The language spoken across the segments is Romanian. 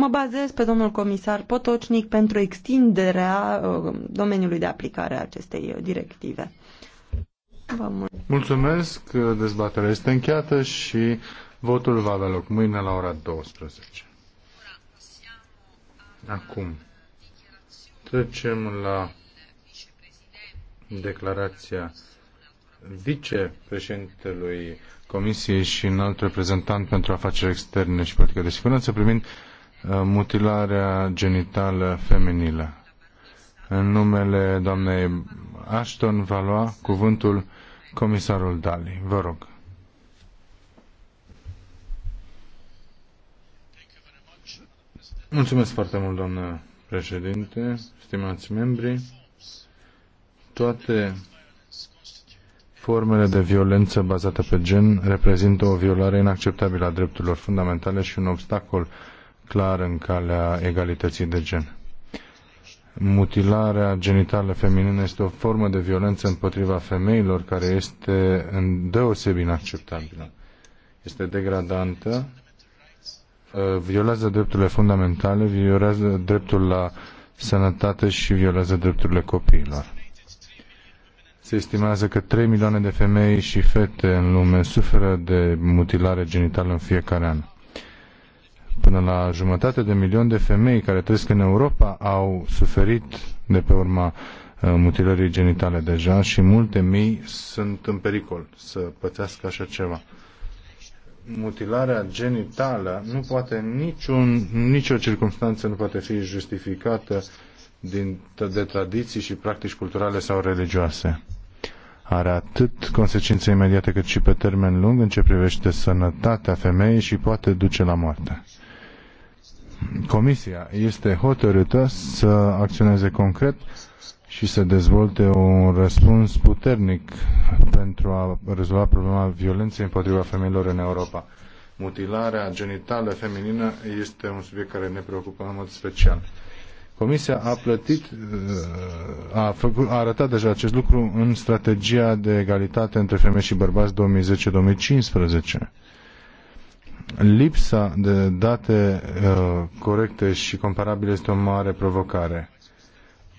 Mă bazez pe domnul comisar Potocnic pentru extinderea uh, domeniului de aplicare a acestei uh, directive. Vă mulțumesc. mulțumesc. Uh, dezbaterea este încheiată și votul va avea loc mâine la ora 12. Acum trecem la declarația vicepreședintelui Comisiei și înalt reprezentant pentru afaceri externe și politică de siguranță privind Uh, mutilarea genitală feminilă. În numele doamnei Ashton va lua cuvântul comisarul Dali. Vă rog. Mulțumesc foarte mult, doamnă președinte, stimați membri. Toate formele de violență bazată pe gen reprezintă o violare inacceptabilă a drepturilor fundamentale și un obstacol clar în calea egalității de gen. Mutilarea genitală feminină este o formă de violență împotriva femeilor care este deosebit inacceptabilă. Este degradantă, ă, violează drepturile fundamentale, violează dreptul la sănătate și violează drepturile copiilor. Se estimează că 3 milioane de femei și fete în lume suferă de mutilare genitală în fiecare an până la jumătate de milion de femei care trăiesc în Europa au suferit de pe urma uh, mutilării genitale deja și multe mii sunt în pericol să pățească așa ceva. Mutilarea genitală nu poate niciun, nicio circunstanță nu poate fi justificată din, de tradiții și practici culturale sau religioase. Are atât consecințe imediate cât și pe termen lung în ce privește sănătatea femeii și poate duce la moarte. Comisia este hotărâtă să acționeze concret și să dezvolte un răspuns puternic pentru a rezolva problema violenței împotriva femeilor în Europa. Mutilarea genitală feminină este un subiect care ne preocupă în mod special. Comisia a plătit, a, făcut, a arătat deja acest lucru în strategia de egalitate între femei și bărbați 2010-2015 lipsa de date uh, corecte și comparabile este o mare provocare.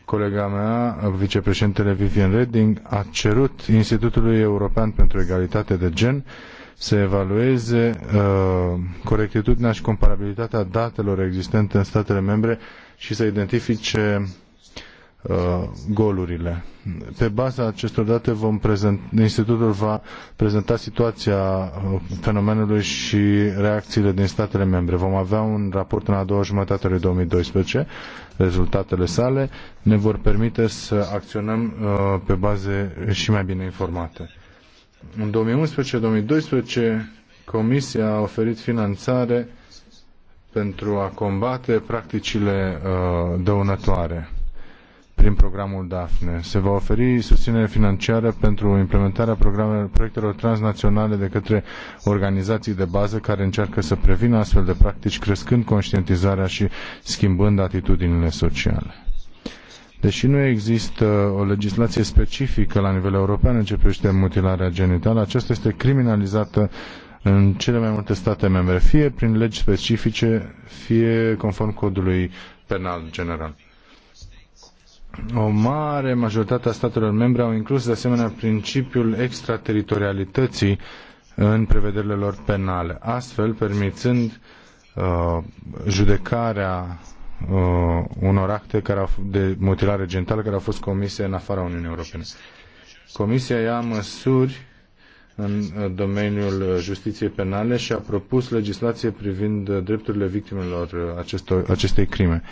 Colega mea, vicepreședintele Vivian Redding, a cerut Institutului European pentru Egalitate de Gen să evalueze uh, corectitudinea și comparabilitatea datelor existente în statele membre și să identifice Uh, golurile. Pe baza acestor date vom prezent, institutul va prezenta situația uh, fenomenului și reacțiile din statele membre. Vom avea un raport în a doua jumătate a lui 2012. Rezultatele sale ne vor permite să acționăm uh, pe baze și mai bine informate. În 2011-2012 Comisia a oferit finanțare pentru a combate practicile uh, dăunătoare prin programul DAFNE. Se va oferi susținere financiară pentru implementarea proiectelor transnaționale de către organizații de bază care încearcă să prevină astfel de practici, crescând conștientizarea și schimbând atitudinile sociale. Deși nu există o legislație specifică la nivel european în ce privește mutilarea genitală, aceasta este criminalizată în cele mai multe state membre, fie prin legi specifice, fie conform codului penal general. O mare majoritate a statelor membre au inclus de asemenea principiul extraterritorialității în prevederile lor penale, astfel permițând uh, judecarea uh, unor acte care au, de mutilare genitală care au fost comise în afara Uniunii Europene. Comisia ia măsuri în uh, domeniul uh, justiției penale și a propus legislație privind uh, drepturile victimelor acestor, acestei crime. Uh,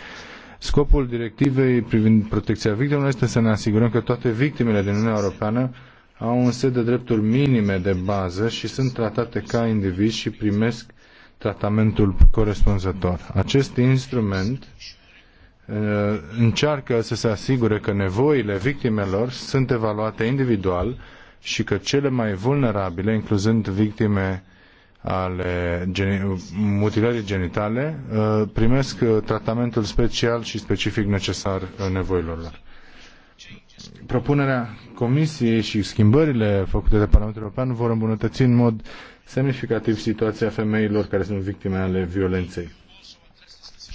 Scopul directivei privind protecția victimelor este să ne asigurăm că toate victimele din Uniunea Europeană au un set de drepturi minime de bază și sunt tratate ca indivizi și primesc tratamentul corespunzător. Acest instrument uh, încearcă să se asigure că nevoile victimelor sunt evaluate individual și că cele mai vulnerabile, incluzând victime ale geni- mutilării genitale uh, primesc uh, tratamentul special și specific necesar uh, nevoilor lor. Propunerea Comisiei și schimbările făcute de Parlamentul European vor îmbunătăți în mod semnificativ situația femeilor care sunt victime ale violenței.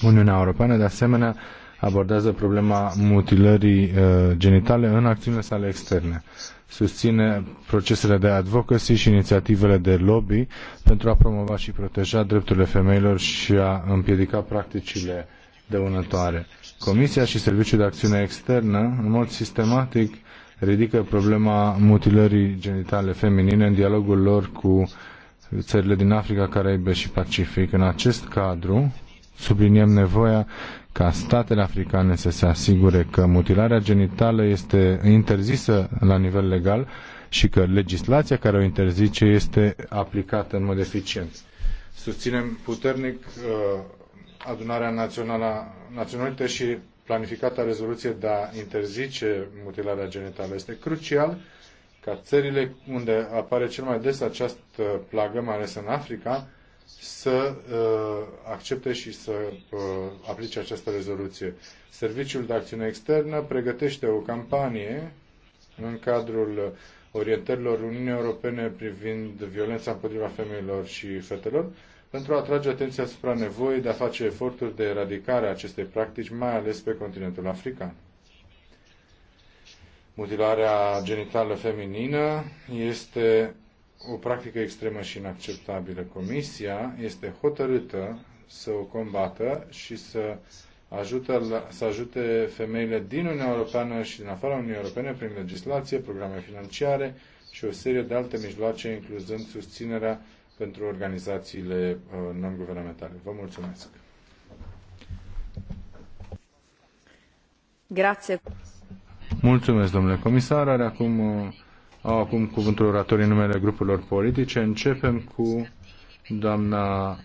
Uniunea Europeană, de asemenea, abordează problema mutilării genitale în acțiunile sale externe susține procesele de advocacy și inițiativele de lobby pentru a promova și proteja drepturile femeilor și a împiedica practicile dăunătoare. Comisia și Serviciul de Acțiune Externă, în mod sistematic, ridică problema mutilării genitale feminine în dialogul lor cu țările din Africa, Caraibe și Pacific. În acest cadru, subliniem nevoia ca statele africane să se asigure că mutilarea genitală este interzisă la nivel legal și că legislația care o interzice este aplicată în mod eficient. Susținem puternic uh, adunarea națională, naționalită și planificata rezoluție de a interzice mutilarea genitală. Este crucial ca țările unde apare cel mai des această plagă, mai ales în Africa, să uh, accepte și să uh, aplice această rezoluție. Serviciul de acțiune externă pregătește o campanie în cadrul orientărilor Uniunii Europene privind violența împotriva femeilor și fetelor pentru a atrage atenția asupra nevoii de a face eforturi de eradicare a acestei practici, mai ales pe continentul african. Mutilarea genitală feminină este o practică extremă și inacceptabilă. Comisia este hotărâtă să o combată și să, ajută, să ajute femeile din Uniunea Europeană și din afara Uniunii Europene prin legislație, programe financiare și o serie de alte mijloace, incluzând susținerea pentru organizațiile uh, non-guvernamentale. Vă mulțumesc! Grazie. Mulțumesc, domnule comisar. Are acum uh, au acum cuvântul oratorii numele grupurilor politice. Începem cu doamna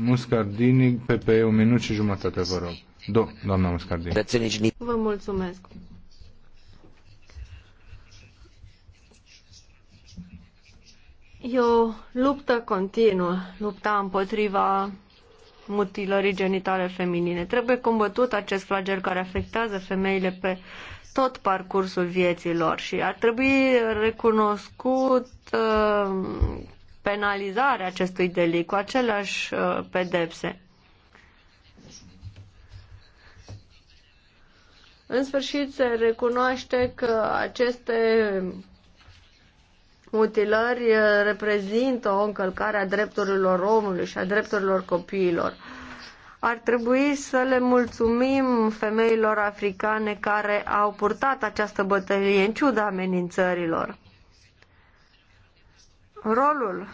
Muscardini, PPE, un minut și jumătate, vă rog. Do, doamna Muscardini. Vă mulțumesc. E o luptă continuă, lupta împotriva mutilării genitale feminine. Trebuie combătut acest flagel care afectează femeile pe tot parcursul vieții lor și ar trebui recunoscut uh, penalizarea acestui delic cu aceleași uh, pedepse. În sfârșit se recunoaște că aceste mutilări uh, reprezintă o încălcare a drepturilor omului și a drepturilor copiilor. Ar trebui să le mulțumim femeilor africane care au purtat această bătălie în ciuda amenințărilor. Rolul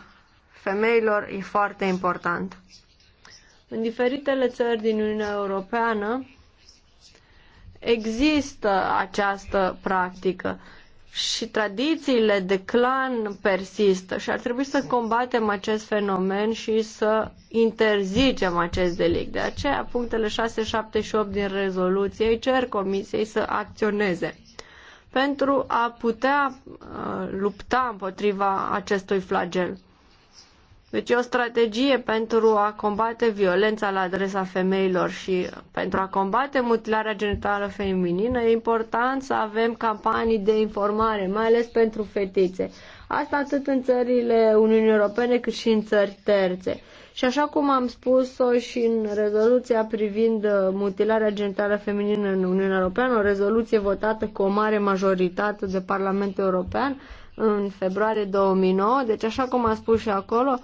femeilor e foarte important. În diferitele țări din Uniunea Europeană există această practică și tradițiile de clan persistă și ar trebui să combatem acest fenomen și să interzicem acest delict. De aceea, punctele 6, 7 și 8 din rezoluție îi cer Comisiei să acționeze pentru a putea uh, lupta împotriva acestui flagel. Deci e o strategie pentru a combate violența la adresa femeilor și pentru a combate mutilarea genitală feminină e important să avem campanii de informare, mai ales pentru fetițe. Asta atât în țările Uniunii Europene cât și în țări terțe. Și așa cum am spus-o și în rezoluția privind uh, mutilarea genitală feminină în Uniunea Europeană, o rezoluție votată cu o mare majoritate de Parlamentul European în februarie 2009, deci așa cum am spus și acolo,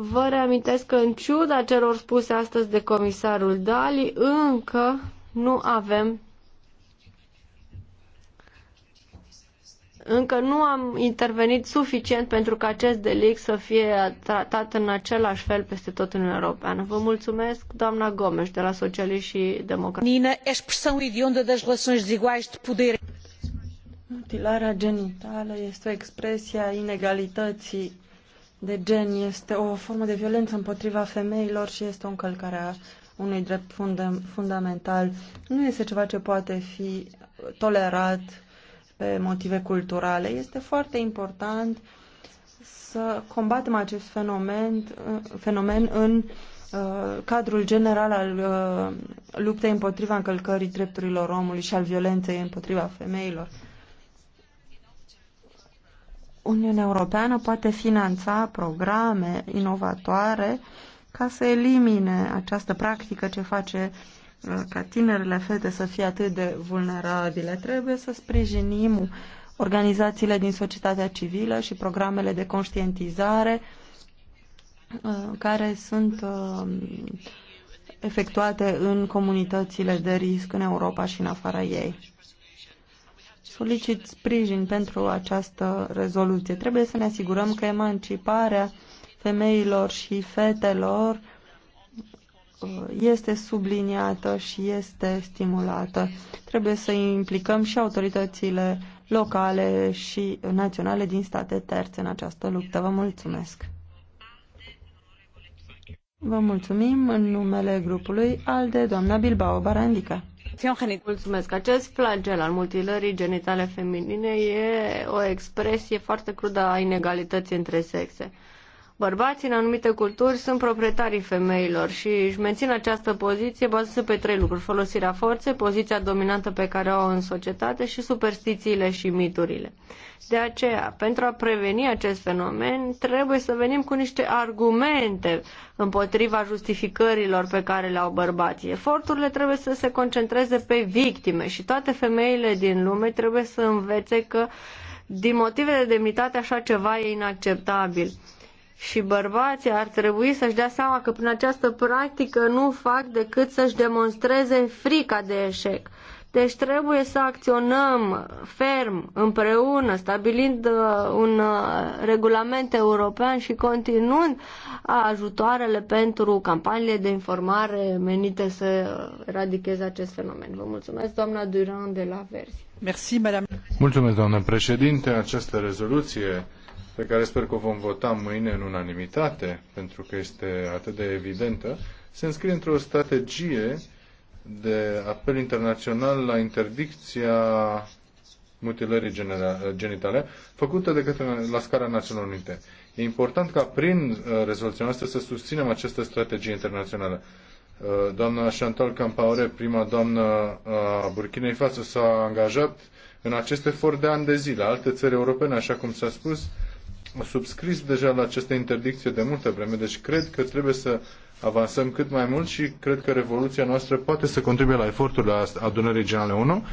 Vă reamintesc că în ciuda celor spuse astăzi de comisarul Dali, încă nu avem încă nu am intervenit suficient pentru ca acest delict să fie tratat în același fel peste tot în Europa. Vă mulțumesc, doamna Gomes, de la Socialiști și Democrați. Nina, expresia hedionda de relações desiguais de poder. Mutilarea genitală este o expresie a inegalității de gen este o formă de violență împotriva femeilor și este o încălcare a unui drept funda fundamental. Nu este ceva ce poate fi tolerat pe motive culturale. Este foarte important să combatem acest fenomen, fenomen în uh, cadrul general al uh, luptei împotriva încălcării drepturilor omului și al violenței împotriva femeilor. Uniunea Europeană poate finanța programe inovatoare ca să elimine această practică ce face uh, ca tinerele fete să fie atât de vulnerabile. Trebuie să sprijinim organizațiile din societatea civilă și programele de conștientizare uh, care sunt uh, efectuate în comunitățile de risc în Europa și în afara ei solicit sprijin pentru această rezoluție. Trebuie să ne asigurăm că emanciparea femeilor și fetelor uh, este subliniată și este stimulată. Trebuie să implicăm și autoritățile locale și naționale din state terțe în această luptă. Vă mulțumesc! Vă mulțumim în numele grupului ALDE, doamna Bilbao Barandica. Mulțumesc. Acest flagel al mutilării genitale feminine e o expresie foarte crudă a inegalității între sexe. Bărbații în anumite culturi sunt proprietarii femeilor și își mențin această poziție bazată pe trei lucruri. Folosirea forței, poziția dominantă pe care o au în societate și superstițiile și miturile. De aceea, pentru a preveni acest fenomen, trebuie să venim cu niște argumente împotriva justificărilor pe care le au bărbații. Eforturile trebuie să se concentreze pe victime și toate femeile din lume trebuie să învețe că din motive de demnitate așa ceva e inacceptabil și bărbații ar trebui să-și dea seama că prin această practică nu fac decât să-și demonstreze frica de eșec. Deci trebuie să acționăm ferm, împreună, stabilind uh, un uh, regulament european și continuând ajutoarele pentru campaniile de informare menite să eradicheze acest fenomen. Vă mulțumesc, doamna Duran de la Verzi. Mulțumesc, doamnă președinte. Această rezoluție pe care sper că o vom vota mâine în unanimitate, pentru că este atât de evidentă, se înscrie într-o strategie de apel internațional la interdicția mutilării genitale făcută de către la scara Națiunilor Unite. E important ca prin uh, rezoluția noastră să susținem această strategie internațională. Uh, doamna Chantal Campaure, prima doamnă uh, a Burkinei Faso, s-a angajat în acest efort de ani de zile. Alte țări europene, așa cum s-a spus, subscris deja la această interdicție de multă vreme, deci cred că trebuie să avansăm cât mai mult și cred că revoluția noastră poate să contribuie la eforturile adunării generale 1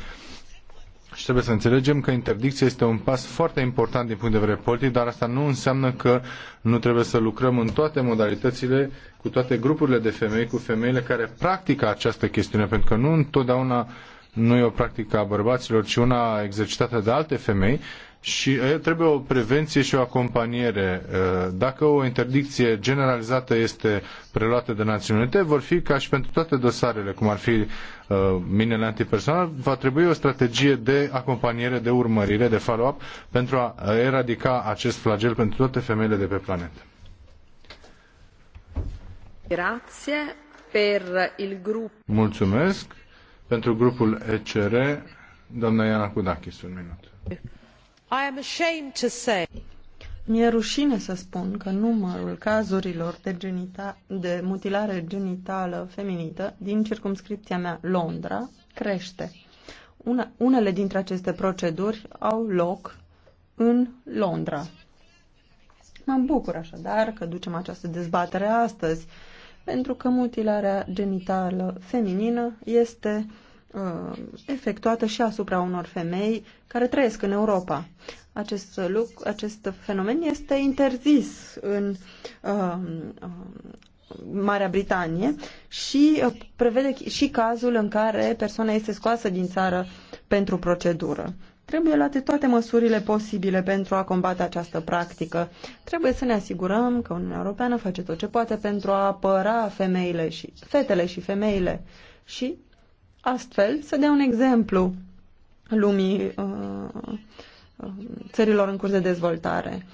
și trebuie să înțelegem că interdicția este un pas foarte important din punct de vedere politic, dar asta nu înseamnă că nu trebuie să lucrăm în toate modalitățile, cu toate grupurile de femei, cu femeile care practică această chestiune, pentru că nu întotdeauna nu e o practică a bărbaților, ci una exercitată de alte femei și trebuie o prevenție și o acompaniere. Dacă o interdicție generalizată este preluată de Națiunile Unite, vor fi ca și pentru toate dosarele, cum ar fi minele antipersonal, va trebui o strategie de acompaniere, de urmărire, de follow-up pentru a eradica acest flagel pentru toate femeile de pe planetă. Grazie per il grup. Mulțumesc pentru grupul ECR, doamna Iana Kudakis, un minut. Mi-e rușine să spun că numărul cazurilor de, genita de mutilare genitală feminită din circumscripția mea, Londra, crește. Una, unele dintre aceste proceduri au loc în Londra. Mă bucur așadar că ducem această dezbatere astăzi, pentru că mutilarea genitală feminină este Uh, efectuată și asupra unor femei care trăiesc în Europa. Acest, lucru, acest fenomen este interzis în uh, uh Marea Britanie și uh, prevede și cazul în care persoana este scoasă din țară pentru procedură. Trebuie luate toate măsurile posibile pentru a combate această practică. Trebuie să ne asigurăm că Uniunea Europeană face tot ce poate pentru a apăra femeile și fetele și femeile și Astfel, să dea un exemplu lumii uh, uh, țărilor în curs de dezvoltare.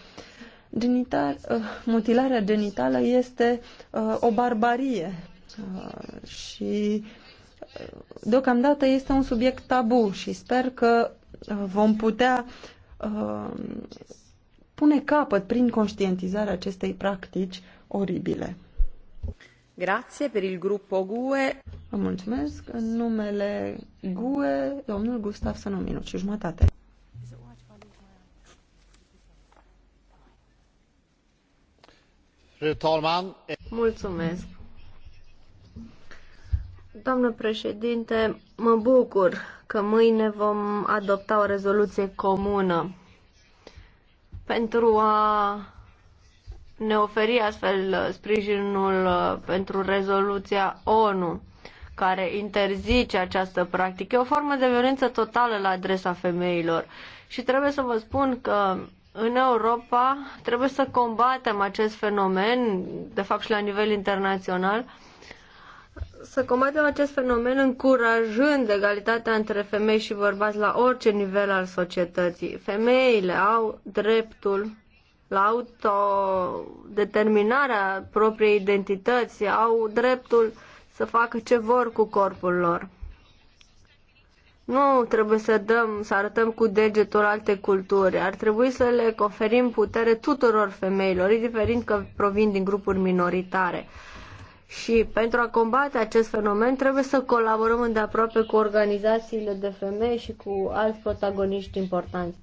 Genital, uh, mutilarea genitală este uh, o barbarie uh, și uh, deocamdată este un subiect tabu și sper că uh, vom putea uh, pune capăt prin conștientizarea acestei practici oribile. Grazie per il GUE. Vă În numele GUE, domnul Gustav să un minut și jumătate. Mulțumesc. Doamnă președinte, mă bucur că mâine vom adopta o rezoluție comună pentru a ne oferi astfel uh, sprijinul uh, pentru rezoluția ONU care interzice această practică. E o formă de violență totală la adresa femeilor. Și trebuie să vă spun că în Europa trebuie să combatem acest fenomen, de fapt și la nivel internațional, să combatem acest fenomen încurajând egalitatea între femei și bărbați la orice nivel al societății. Femeile au dreptul la autodeterminarea propriei identități, au dreptul să facă ce vor cu corpul lor. Nu trebuie să dăm, să arătăm cu degetul alte culturi. Ar trebui să le conferim putere tuturor femeilor, indiferent că provin din grupuri minoritare. Și pentru a combate acest fenomen trebuie să colaborăm îndeaproape cu organizațiile de femei și cu alți protagoniști importanți.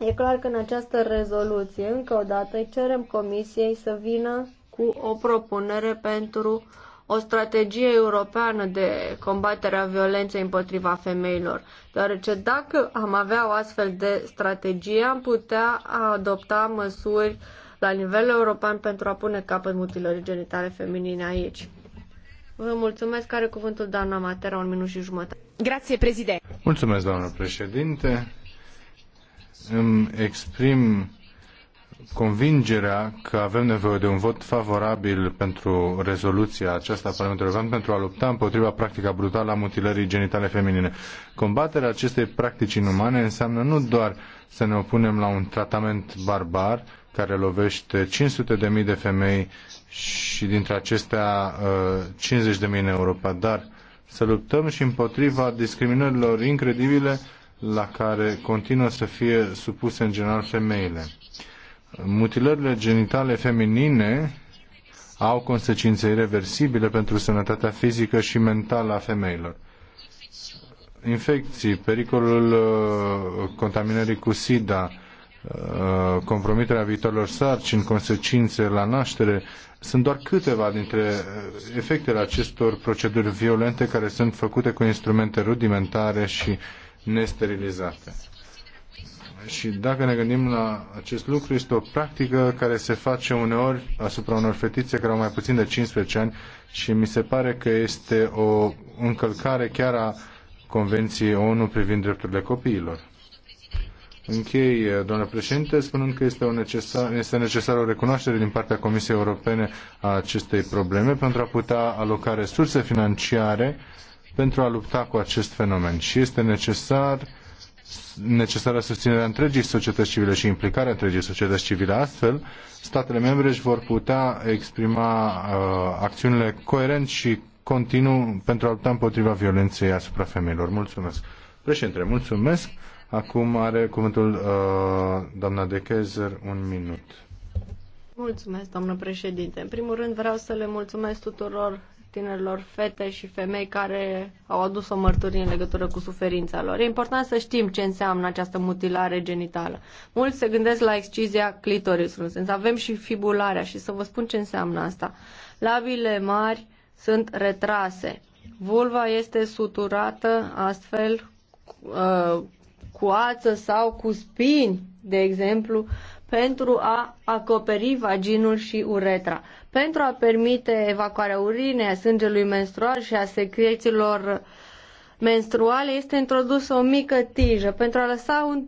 E clar că în această rezoluție, încă o dată, îi cerem Comisiei să vină cu o propunere pentru o strategie europeană de combatere a violenței împotriva femeilor, deoarece dacă am avea o astfel de strategie, am putea adopta măsuri la nivel european pentru a pune capăt mutilării genitale feminine aici. Vă mulțumesc. Care cuvântul doamna Matera, un minut și jumătate. Grație, președinte. Mulțumesc, doamnă președinte îmi exprim convingerea că avem nevoie de un vot favorabil pentru rezoluția aceasta a Parlamentului European pentru a lupta împotriva practica brutală a mutilării genitale feminine. Combaterea acestei practici inumane înseamnă nu doar să ne opunem la un tratament barbar care lovește 500 de mii de femei și dintre acestea 50 uh, de mii în Europa, dar să luptăm și împotriva discriminărilor incredibile la care continuă să fie supuse în general femeile. Mutilările genitale feminine au consecințe irreversibile pentru sănătatea fizică și mentală a femeilor. Infecții, pericolul uh, contaminării cu SIDA, uh, compromiterea viitorilor sarcini, consecințe la naștere, sunt doar câteva dintre uh, efectele acestor proceduri violente care sunt făcute cu instrumente rudimentare și nesterilizate. Și dacă ne gândim la acest lucru, este o practică care se face uneori asupra unor fetițe care au mai puțin de 15 ani și mi se pare că este o încălcare chiar a Convenției ONU privind drepturile copiilor. Închei, doamnă președinte, spunând că este, o necesar, este necesară o recunoaștere din partea Comisiei Europene a acestei probleme pentru a putea aloca resurse financiare uh, pentru a lupta cu acest fenomen și este necesar necesară susținerea întregii societăți civile și implicarea întregii societăți civile. Astfel, statele membre își vor putea exprima uh, acțiunile coerent și continuu pentru a lupta împotriva violenței asupra femeilor. Mulțumesc. Președinte, mulțumesc. Acum are cuvântul uh, doamna de Kezer, un minut. Mulțumesc, doamnă președinte. În primul rând vreau să le mulțumesc tuturor tinerilor fete și femei care au adus o mărturie în legătură cu suferința lor. E important să știm ce înseamnă această mutilare genitală. Mulți se gândesc la excizia clitorisului, însă avem și fibularea și să vă spun ce înseamnă asta. Labile mari sunt retrase. Vulva este suturată astfel uh, cu ață sau cu spini, de exemplu, pentru a acoperi vaginul și uretra pentru a permite evacuarea urinei, a sângelui menstrual și a secrețiilor menstruale este introdusă o mică tijă pentru a lăsa un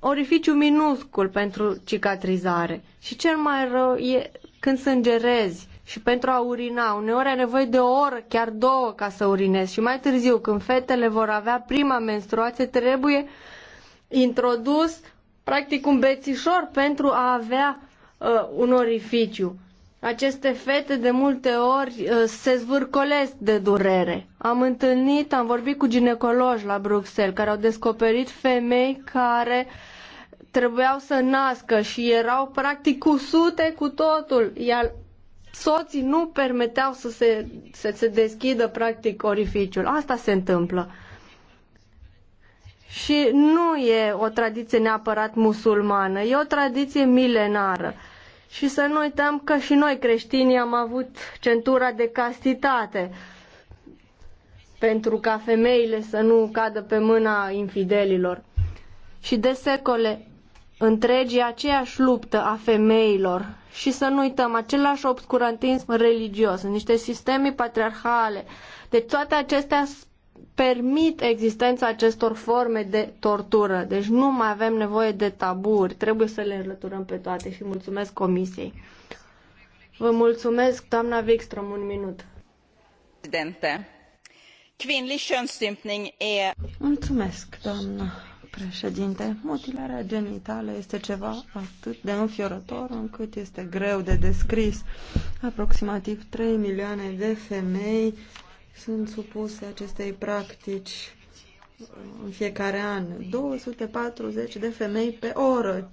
orificiu minuscul pentru cicatrizare. Și cel mai rău e când sângerezi și pentru a urina. Uneori ai nevoie de o oră, chiar două, ca să urinezi. Și mai târziu, când fetele vor avea prima menstruație, trebuie introdus practic un bețișor pentru a avea uh, un orificiu. Aceste fete de multe ori uh, se zvârcolesc de durere. Am întâlnit, am vorbit cu ginecologi la Bruxelles care au descoperit femei care trebuiau să nască și erau practic cu sute cu totul, iar soții nu permiteau să se, să se deschidă practic orificiul. Asta se întâmplă. Și nu e o tradiție neapărat musulmană, e o tradiție milenară și să nu uităm că și noi creștinii am avut centura de castitate pentru ca femeile să nu cadă pe mâna infidelilor. Și de secole întregi aceeași luptă a femeilor și să nu uităm același obscurantism religios, niște sisteme patriarhale. Deci toate acestea permit existența acestor forme de tortură. Deci nu mai avem nevoie de taburi, trebuie să le înlăturăm pe toate și mulțumesc comisiei. Vă mulțumesc, doamna Wikström, un minut. Presidente. Kvinnlig könsstympning Mulțumesc, doamna președinte. Mutilarea genitală este ceva atât de înfiorător încât este greu de descris. Aproximativ 3 milioane de femei sunt supuse acestei practici în fiecare an. 240 de femei pe oră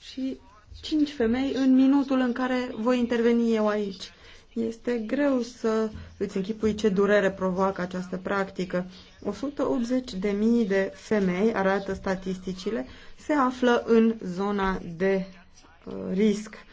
și 5 femei în minutul în care voi interveni eu aici. Este greu să îți închipui ce durere provoacă această practică. 180.000 de mii de femei, arată statisticile, se află în zona de uh, risc.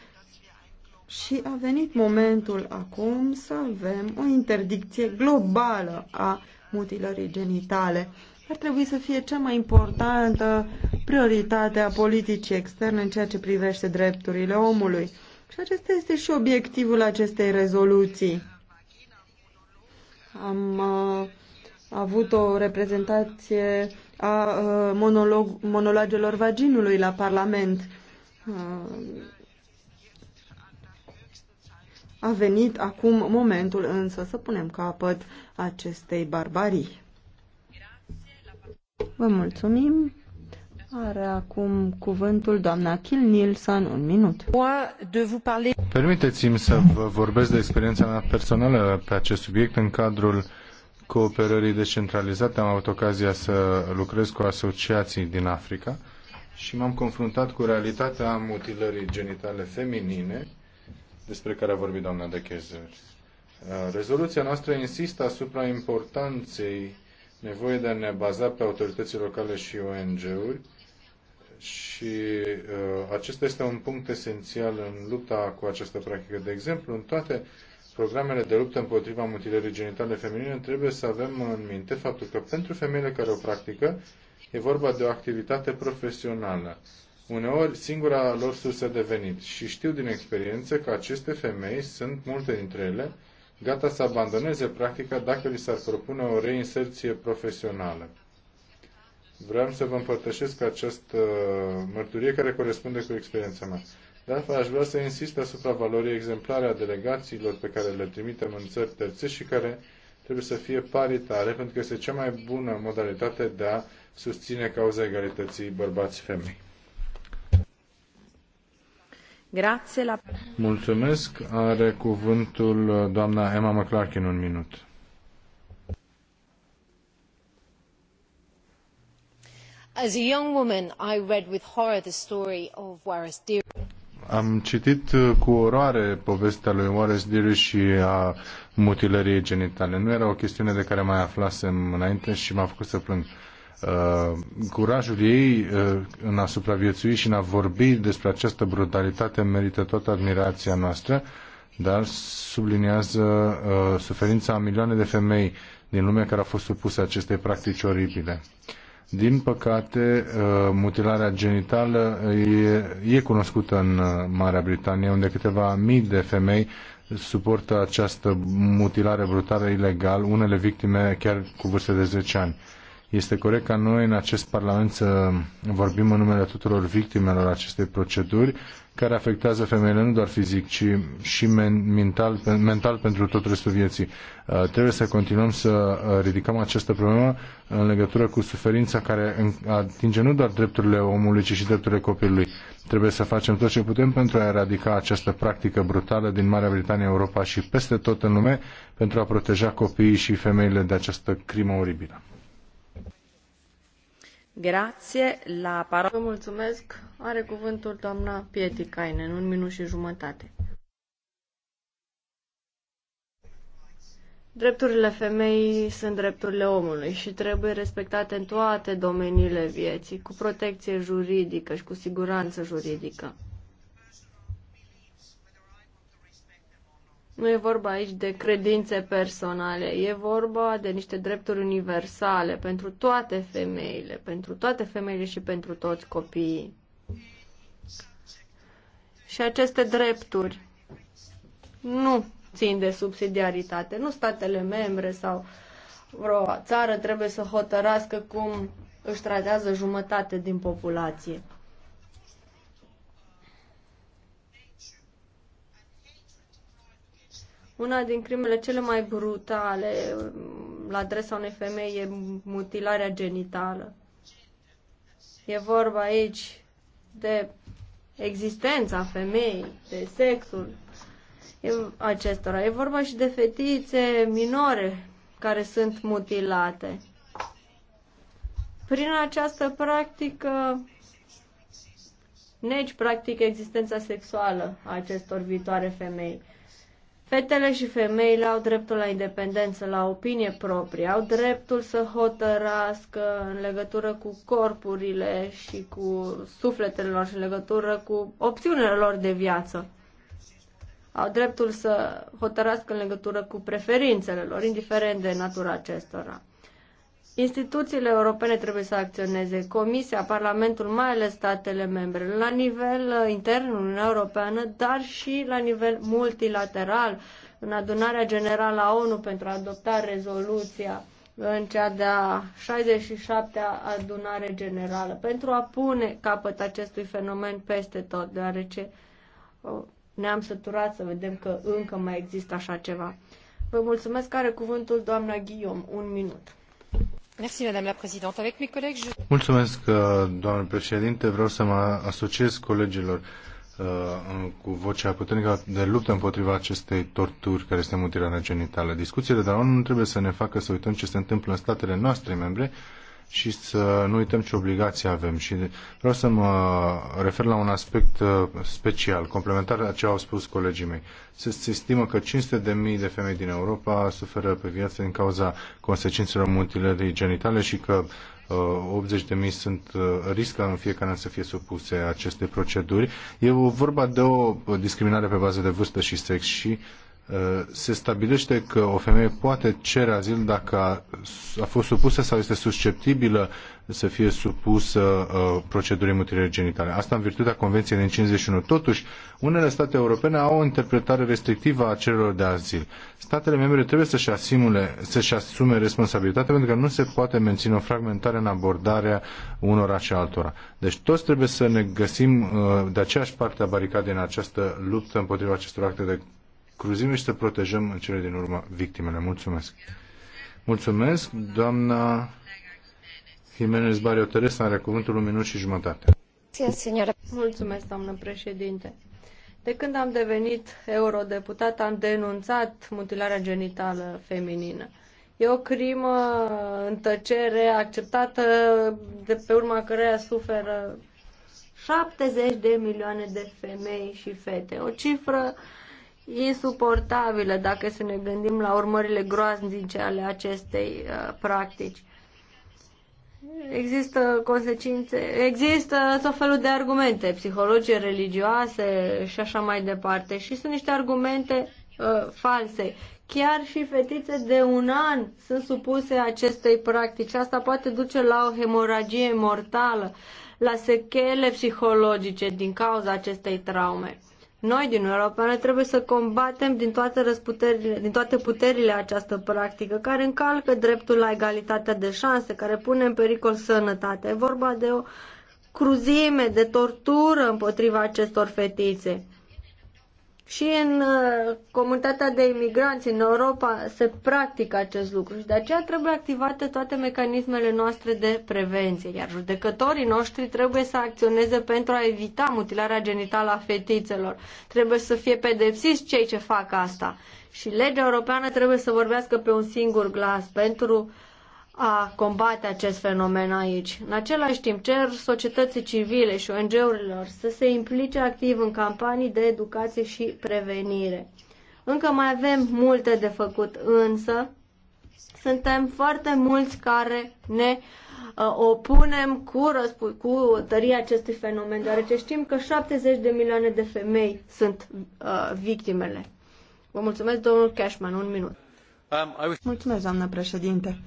Și a venit momentul acum să avem o interdicție globală a mutilării genitale. Ar trebui să fie cea mai importantă prioritate a politicii externe în ceea ce privește drepturile omului. Și acesta este și obiectivul acestei rezoluții. Am uh, avut o reprezentație a uh, monologelor vaginului la Parlament. Uh, a venit acum momentul însă să punem capăt acestei barbarii. Vă mulțumim. Are acum cuvântul doamna Kil Nielsen, un minut. Permiteți-mi să vă vorbesc de experiența mea personală pe acest subiect în cadrul cooperării descentralizate. Am avut ocazia să lucrez cu asociații din Africa și m-am confruntat cu realitatea mutilării genitale feminine despre care a vorbit doamna de Chezer. Uh, rezoluția noastră insistă asupra importanței nevoie de a ne baza pe autorități locale și ONG-uri și uh, acesta este un punct esențial în lupta cu această practică. De exemplu, în toate programele de luptă împotriva mutilării genitale feminine trebuie să avem în minte faptul că pentru femeile care o practică e vorba de o activitate profesională uneori singura lor sursă de venit. Și știu din experiență că aceste femei sunt, multe dintre ele, gata să abandoneze practica dacă li s-ar propune o reinserție profesională. Vreau să vă împărtășesc această mărturie care corespunde cu experiența mea. De asta aș vrea să insist asupra valorii exemplare a delegațiilor pe care le trimitem în țări terțe și care trebuie să fie paritare, pentru că este cea mai bună modalitate de a susține cauza egalității bărbați-femei la... Mulțumesc. Are cuvântul doamna Emma în un minut. As a young woman, I read with horror the story of Waris Deer. Am citit uh, cu oroare povestea lui Wallace Deary și a mutilării genitale. Nu era o chestiune de care mai aflasem înainte și m-a făcut să plâng. Uh, curajul ei uh, în a supraviețui și în a vorbi despre această brutalitate merită toată admirația noastră, dar subliniază uh, suferința a milioane de femei din lume care au fost supuse acestei practici oribile. Din păcate, mutilarea genitală e, e cunoscută în Marea Britanie, unde câteva mii de femei suportă această mutilare brutală ilegal, unele victime chiar cu vârste de 10 ani. Este corect ca noi în acest Parlament să vorbim în numele tuturor victimelor acestei proceduri care afectează femeile nu doar fizic, ci și men mental, mental pentru tot restul vieții. Uh, trebuie să continuăm să uh, ridicăm această problemă în legătură cu suferința care atinge nu doar drepturile omului, ci și drepturile copilului. Trebuie să facem tot ce putem pentru a eradica această practică brutală din Marea Britanie, Europa și peste tot în lume pentru a proteja copiii și femeile de această crimă oribilă. Grație la parola. Vă mulțumesc. Are cuvântul doamna Pietikainen, un minut și jumătate. Drepturile femeii sunt drepturile omului și trebuie respectate în toate domeniile vieții, cu protecție juridică și cu siguranță juridică. Nu e vorba aici de credințe personale, e vorba de niște drepturi universale pentru toate femeile, pentru toate femeile și pentru toți copiii. Și aceste drepturi nu țin de subsidiaritate, nu statele membre sau vreo țară trebuie să hotărască cum își tratează jumătate din populație. Una din crimele cele mai brutale mm, la adresa unei femei e mutilarea genitală. E vorba aici de existența femeii, de sexul acestora. E vorba și de fetițe minore care sunt mutilate. Prin această practică negi practic existența sexuală a acestor viitoare femei. Fetele și femeile au dreptul la independență, la opinie proprie, au dreptul să hotărască în legătură cu corpurile și cu sufletele lor și în legătură cu opțiunile lor de viață. Au dreptul să hotărască în legătură cu preferințele lor, indiferent de natura acestora. Instituțiile europene trebuie să acționeze, Comisia, Parlamentul, mai ales statele membre, la nivel uh, intern în Uniunea Europeană, dar și la nivel multilateral, în adunarea generală a ONU pentru a adopta rezoluția în cea de-a 67-a adunare generală, pentru a pune capăt acestui fenomen peste tot, deoarece uh, ne-am săturat să vedem că încă mai există așa ceva. Vă mulțumesc, care cuvântul doamna Ghiom, un minut. Mulțumesc, uh, doamnă președinte. Vreau să mă asociez colegilor uh, cu vocea puternică de luptă împotriva acestei torturi care este mutilarea genitală. Discuțiile de la ONU nu trebuie să ne facă să uităm ce se întâmplă în statele noastre membre, și să nu uităm ce obligații avem. Și vreau să mă refer la un aspect uh, special, complementar la ce au spus colegii mei. Se, se estimă că 500.000 de, de femei din Europa suferă pe viață din cauza consecințelor mutilării genitale și că 80.000 uh, sunt uh, riscă în fiecare an să fie supuse aceste proceduri. E vorba de o discriminare pe bază de vârstă și sex și uh, Uh, se stabilește că o femeie poate cere azil dacă a, a fost supusă sau este susceptibilă să fie supusă uh, procedurii mutilării genitale. Asta în virtutea Convenției din 51. Totuși, unele state europene au o interpretare restrictivă a cererilor de azil. Statele membre trebuie să-și, asimule, să-și asume responsabilitatea pentru că nu se poate menține o fragmentare în abordarea unora și altora. Deci toți trebuie să ne găsim uh, de aceeași parte a baricadei în această luptă împotriva acestor acte de cruzime și să protejăm în cele din urmă victimele. Mulțumesc! Mulțumesc, doamna Jimenez Barrio Teresa are cuvântul un minut și jumătate. Mulțumesc, doamnă președinte. De când am devenit eurodeputat, am denunțat mutilarea genitală feminină. E o crimă în tăcere acceptată de pe urma căreia suferă 70 de milioane de femei și fete. O cifră uh, insuportabilă dacă să ne gândim la urmările groaznice ale acestei uh, practici. Există consecințe, există tot felul de argumente psihologice, religioase și așa mai departe și sunt niște argumente uh, false. Chiar și fetițe de un an sunt supuse acestei practici. Asta poate duce la o hemoragie mortală, la sechele psihologice din cauza acestei traume. Noi din Europa ne trebuie să combatem din toate, răsputerile, din toate puterile această practică care încalcă dreptul la egalitatea de șanse, care pune în pericol sănătatea. E vorba de o cruzime de tortură împotriva acestor fetițe. Și în uh, comunitatea de imigranți în Europa se practică acest lucru și de aceea trebuie activate toate mecanismele noastre de prevenție, iar judecătorii noștri trebuie să acționeze pentru a evita mutilarea genitală a fetițelor. Trebuie să fie pedepsiți cei ce fac asta. Și legea europeană trebuie să vorbească pe un singur glas pentru uh, a combate acest fenomen aici. În același timp, cer societății civile și ONG-urilor să se implice activ în campanii de educație și prevenire. Încă mai avem multe de făcut, însă suntem foarte mulți care ne uh, opunem cu, răspu- cu tăria acestui fenomen, deoarece știm că 70 de milioane de femei sunt uh, victimele. Vă mulțumesc, domnul Cashman, un minut. Um, I... Mulțumesc, doamnă președinte.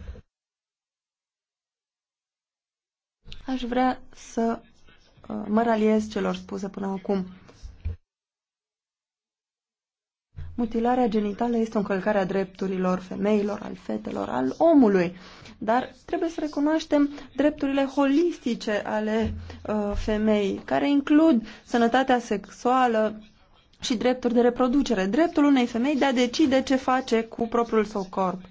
Aș vrea să uh, mă raliez celor spuse până acum. Mutilarea genitală este o încălcare a drepturilor femeilor, al fetelor, al omului. Dar trebuie să recunoaștem drepturile holistice ale uh, femeii, care includ sănătatea sexuală și drepturi de reproducere, dreptul unei femei de a decide ce face cu propriul său corp.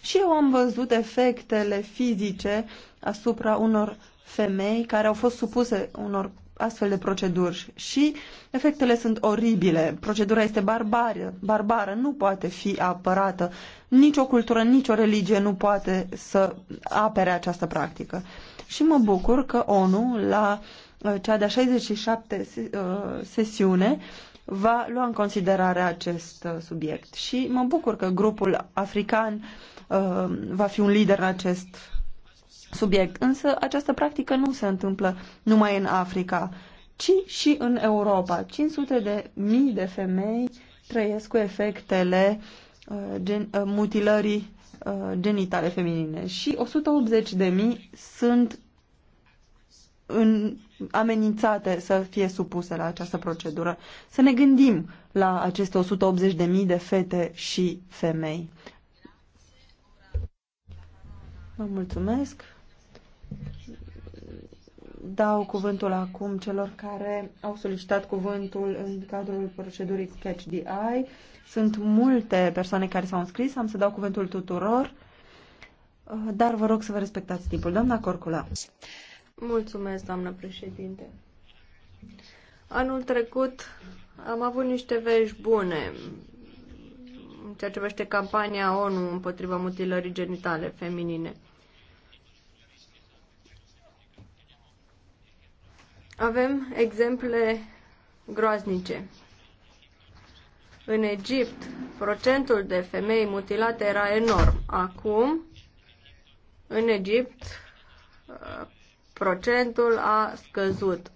Și eu am văzut efectele fizice asupra unor femei care au fost supuse unor astfel de proceduri și efectele sunt oribile. Procedura este barbară, barbară, nu poate fi apărată. Nici o cultură, nici o religie nu poate să apere această practică. Și mă bucur că ONU, la uh, cea de-a 67 uh, sesiune, va lua în considerare acest uh, subiect. Și mă bucur că grupul african va fi un lider în acest subiect. Însă această practică nu se întâmplă numai în Africa, ci și în Europa. 500 de mii de femei trăiesc cu efectele uh, gen, uh, mutilării uh, genitale feminine și 180 de mii sunt în, amenințate să fie supuse la această procedură. Să ne gândim la aceste 180 de mii de fete și femei. Vă mulțumesc dau cuvântul acum celor care au solicitat cuvântul în cadrul procedurii Catch the Eye. Sunt multe persoane care s-au înscris, am să dau cuvântul tuturor, uh, dar vă rog să vă respectați timpul. Doamna Corcula. Mulțumesc, doamnă președinte. Anul trecut am avut niște vești bune în ceea ce privește campania ONU împotriva mutilării genitale feminine. Avem exemple groaznice. În Egipt, procentul de femei mutilate era enorm. Acum, în Egipt, procentul a scăzut.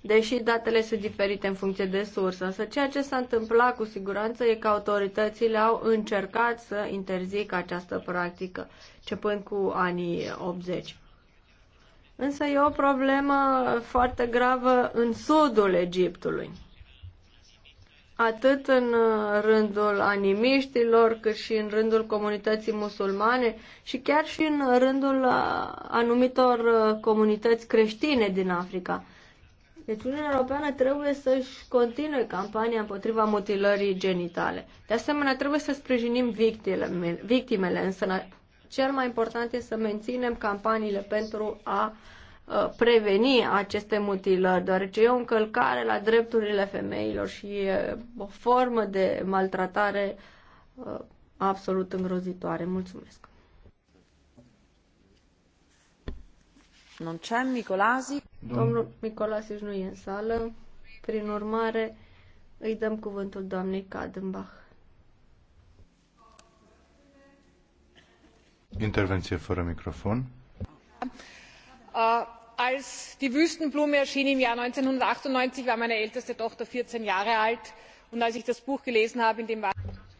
Deși datele sunt diferite în funcție de sursă, însă ceea ce s-a întâmplat cu siguranță e că autoritățile au încercat să interzică această practică, începând cu anii 80. Însă e o problemă foarte gravă în sudul Egiptului. Atât în rândul animiștilor, cât și în rândul comunității musulmane și chiar și în rândul anumitor comunități creștine din Africa. Deci Uniunea Europeană trebuie să-și continue campania împotriva mutilării genitale. De asemenea, trebuie să sprijinim victimele, victimele însă cel mai important este să menținem campaniile pentru a preveni aceste mutilări, deoarece e o încălcare la drepturile femeilor și e o formă de maltratare absolut îngrozitoare. Mulțumesc! Non c'è Nicolasi. Domnul Nicolasi nu e în sală. Prin urmare, îi dăm cuvântul doamnei Kadenbach. Intervenție fără microfon. Äh, als die Wüstenblume erschien im Jahr 1998, war meine älteste Tochter 14 Jahre alt und als ich das Buch gelesen habe, in dem war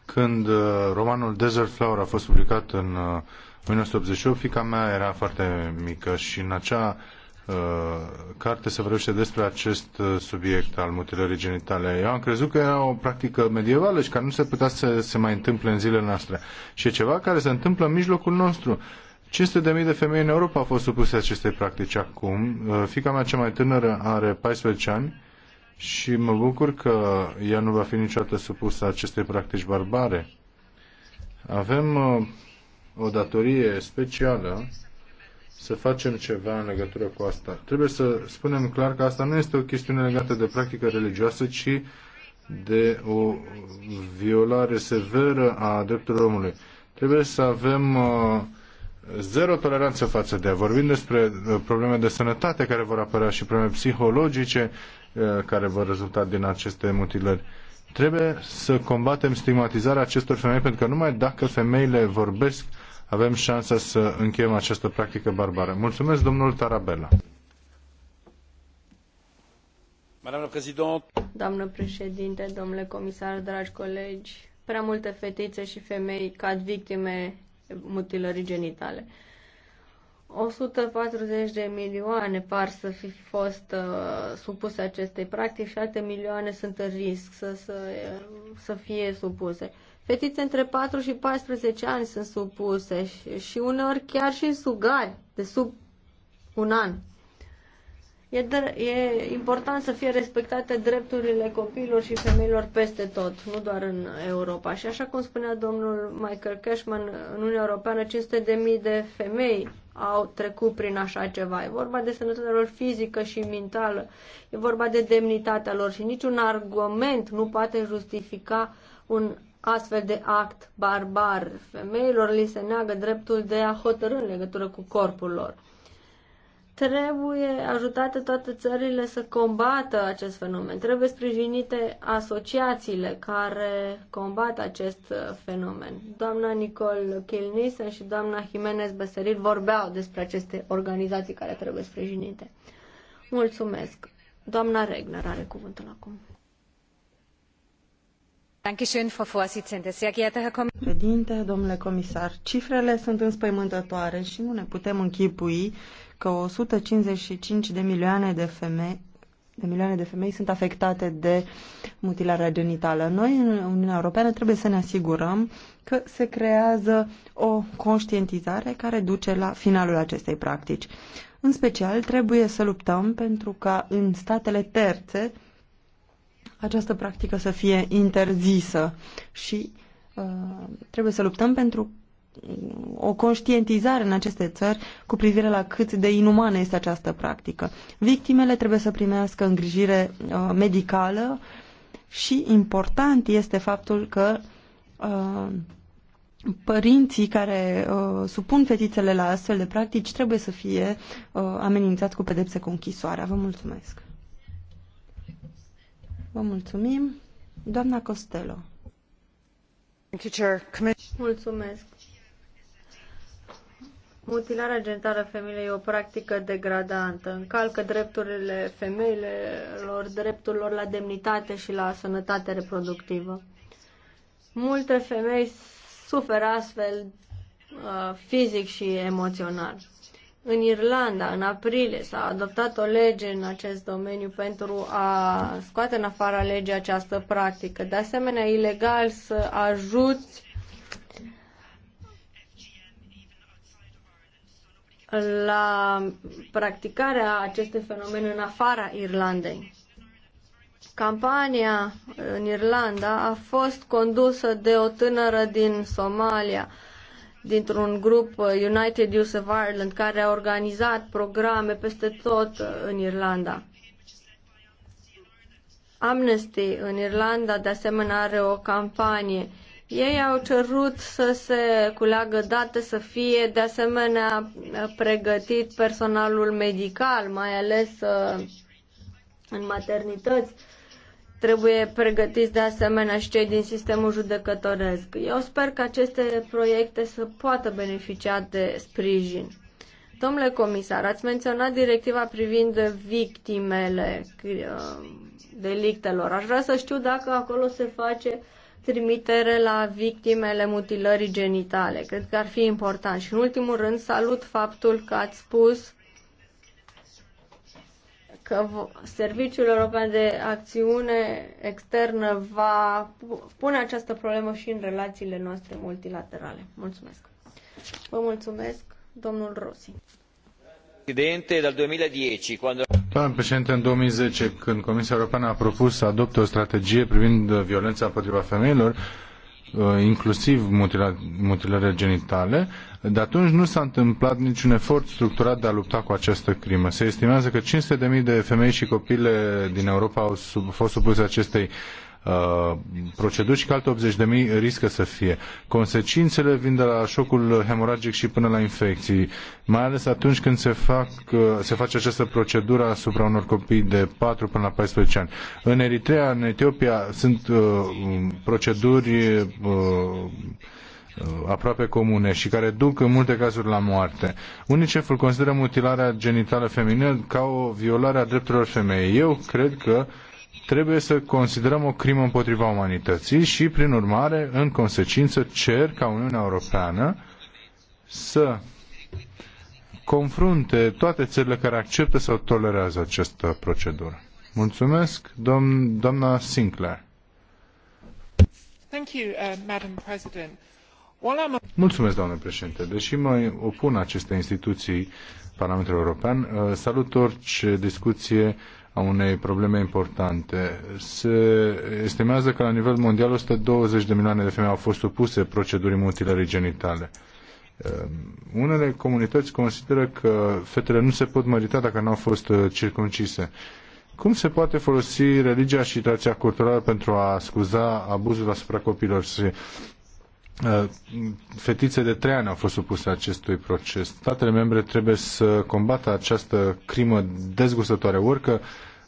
când äh, romanul Desert Flower a fost publicat în 1988, äh, fica mea era foarte mică și în acea Uh, carte se vorbește despre acest uh, subiect al mutilării genitale. Eu am crezut că era o practică medievală și că nu se putea să se mai întâmple în zilele noastre. Și e ceva care se întâmplă în mijlocul nostru. 500.000 de, de femei în Europa au fost supuse acestei practici acum. Uh, fica mea cea mai tânără are 14 ani și mă bucur că ea nu va fi niciodată supusă acestei practici barbare. Avem o datorie specială să facem ceva în legătură cu asta. Trebuie să spunem clar că asta nu este o chestiune legată de practică religioasă, ci de o violare severă a drepturilor omului. Trebuie să avem uh, zero toleranță față de ea. Vorbim despre uh, probleme de sănătate care vor apărea și probleme psihologice uh, care vor rezulta din aceste mutilări. Trebuie să combatem stigmatizarea acestor femei pentru că numai dacă femeile vorbesc uh, avem șansa să încheiem această practică barbară. Mulțumesc, domnul Tarabella. Doamnă președinte, domnule comisar, dragi colegi, prea multe fetițe și femei cad victime mutilării genitale. 140 de milioane par să fi fost uh, supuse acestei practici și alte milioane sunt în risc să, să, să fie supuse. Uh, Fetițe între 4 și 14 ani sunt supuse și, și uneori chiar și sugari de sub un an. E, de, e important să fie respectate drepturile copiilor și femeilor peste tot, nu doar în Europa. Și așa cum spunea domnul Michael Cashman, în Uniunea Europeană 500.000 de femei au trecut prin așa ceva. E vorba de sănătatea lor fizică și mentală, e vorba de demnitatea lor și niciun argument nu poate justifica un astfel de act barbar. Femeilor li se neagă dreptul de a hotărâ în legătură cu corpul lor. Trebuie ajutate toate țările să combată acest fenomen. Trebuie sprijinite asociațiile care combat acest uh, fenomen. Doamna Nicole Kilnisen și doamna Jimenez Beserit vorbeau despre aceste organizații care trebuie sprijinite. Mulțumesc. Doamna Regner are cuvântul acum. Președinte, domnule comisar, cifrele sunt înspăimântătoare și nu ne putem închipui că 155 de milioane de femei de milioane de femei sunt afectate de mutilarea genitală. Noi, în Uniunea Europeană, trebuie să ne asigurăm că se creează o conștientizare care duce la finalul acestei practici. În special, trebuie să luptăm pentru ca în statele terțe această practică să fie interzisă și uh, trebuie să luptăm pentru mm, o conștientizare în aceste țări cu privire la cât de inumană este această practică. Victimele trebuie să primească îngrijire uh, medicală și important este faptul că uh, părinții care uh, supun fetițele la astfel de practici trebuie să fie uh, amenințați cu pedepse cu Vă mulțumesc! Vă mulțumim. Doamna Costello. Mulțumesc. Mutilarea genitală femeilor e o practică degradantă. Încalcă drepturile femeilor, dreptul lor la demnitate și la sănătate reproductivă. Multe femei suferă astfel uh, fizic și emoțional. În Irlanda, în aprilie, s-a adoptat o lege în acest domeniu pentru a scoate în afara legii această practică. De asemenea, e ilegal să ajuți la practicarea acestui fenomen în afara Irlandei. Campania în Irlanda a fost condusă de o tânără din Somalia dintr-un grup uh, United Youth of Ireland care a organizat programe peste tot uh, în Irlanda. Amnesty în Irlanda de asemenea are o campanie. Ei au cerut să se culeagă date, să fie de asemenea pregătit personalul medical, mai ales uh, în maternități Trebuie pregătiți de asemenea și cei din sistemul judecătoresc. Eu sper că aceste proiecte să poată beneficia de sprijin. Domnule comisar, ați menționat directiva privind victimele uh, delictelor. Aș vrea să știu dacă acolo se face trimitere la victimele mutilării genitale. Cred că ar fi important. Și în ultimul rând salut faptul că ați spus că Serviciul European de Acțiune Externă va pune această problemă și în relațiile noastre multilaterale. Mulțumesc. Vă mulțumesc, domnul Rossi. Doamne președinte, în 2010, când Comisia Europeană a propus să adopte o strategie privind violența împotriva femeilor, Uh, inclusiv mutilare, mutilări genitale, de atunci nu s-a întâmplat niciun efort structurat de a lupta cu această crimă. Se estimează că 500.000 de femei și copile din Europa au sub, fost supuse acestei Uh, proceduri și că alte 80.000 riscă să fie. Consecințele vin de la șocul hemoragic și până la infecții, mai ales atunci când se, fac, uh, se face această procedură asupra unor copii de 4 până la 14 ani. În Eritrea, în Etiopia, sunt uh, proceduri uh, aproape comune și care duc în multe cazuri la moarte. UNICEF-ul consideră mutilarea genitală feminină ca o violare a drepturilor femeii. Eu cred că uh, trebuie să considerăm o crimă împotriva umanității și, prin urmare, în consecință, cer ca Uniunea Europeană să confrunte toate țările care acceptă sau tolerează această procedură. Mulțumesc, domn, doamna Sinclair. Thank you, uh, Madam President. Mulțumesc, doamnă președinte. Deși mă opun aceste instituții Parlamentului European, uh, salut orice discuție a unei probleme importante. Se estimează că la nivel mondial 120 de milioane de femei au fost supuse procedurii mutilării genitale. Ehm, unele comunități consideră că fetele nu se pot mărita dacă nu au fost uh, circuncise. Cum se poate folosi religia și tradiția culturală pentru a scuza abuzul asupra copilor? Uh, fetițe de trei ani au fost supuse acestui proces. Statele membre trebuie să combată această crimă dezgustătoare, orică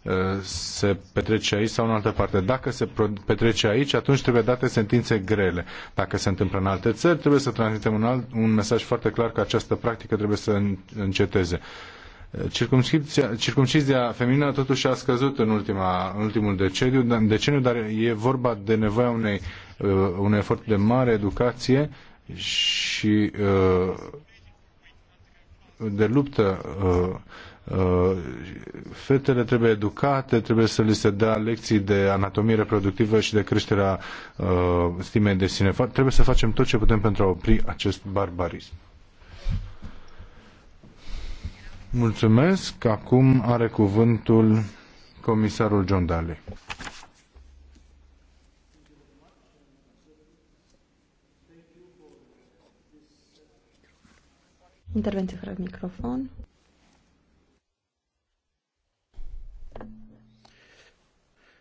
uh, se petrece aici sau în altă parte. Dacă se petrece aici, atunci trebuie date sentințe grele. Dacă se întâmplă în alte țări, trebuie să transmitem un, alt, un mesaj foarte clar că această practică trebuie să înceteze. Uh, circumscripția, circumcizia feminină totuși a scăzut în, ultima, în ultimul deceniu, deceniu, dar e vorba de nevoia unei Uh, un efort de mare educație și uh, de luptă. Uh, fetele trebuie educate, trebuie să li se dea lecții de anatomie reproductivă și de creșterea stimei de sine. Trebuie să facem tot ce putem pentru a opri acest barbarism. Mulțumesc. Acum are cuvântul comisarul John Daly. Intervenție fără microfon.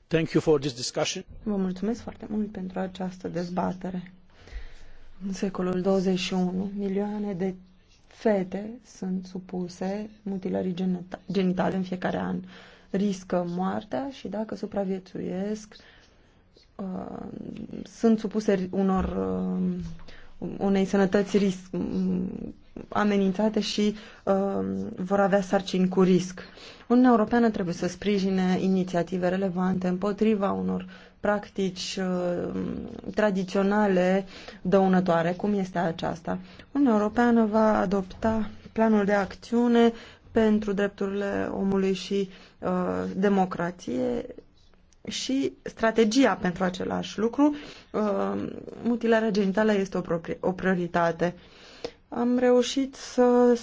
Thank you for this discussion. Vă mulțumesc foarte mult pentru această dezbatere. În secolul 21, milioane de fete sunt supuse mutilării genitale în fiecare an. Riscă moartea și dacă supraviețuiesc, uh, sunt supuse unor uh, unei sănătăți risc, amenințate și uh, vor avea sarcini cu risc. Uniunea Europeană trebuie să sprijine inițiative relevante împotriva unor practici uh, tradiționale dăunătoare, cum este aceasta. Uniunea Europeană va adopta planul de acțiune pentru drepturile omului și uh, democrație și strategia pentru același lucru. Uh, mutilarea genitală este o, o prioritate. Uh, am reușit să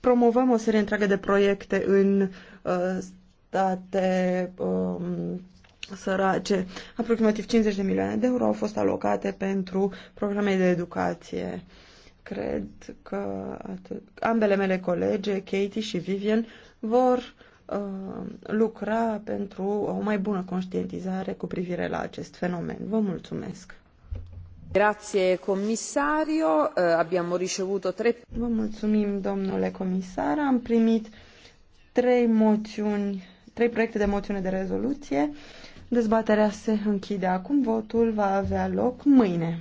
promovăm o serie întreagă de proiecte în uh, state um, sărace. Aproximativ 50 de milioane de euro au fost alocate pentru programe de educație. Cred că atât. ambele mele colege, Katie și Vivian, vor uh, lucra pentru o mai bună conștientizare cu privire la acest fenomen. Vă mulțumesc! Eh, Vă mulțumim, domnule comisar. Am primit trei moțiuni, trei proiecte de moțiune de rezoluție. Dezbaterea se închide acum. Votul va avea loc mâine.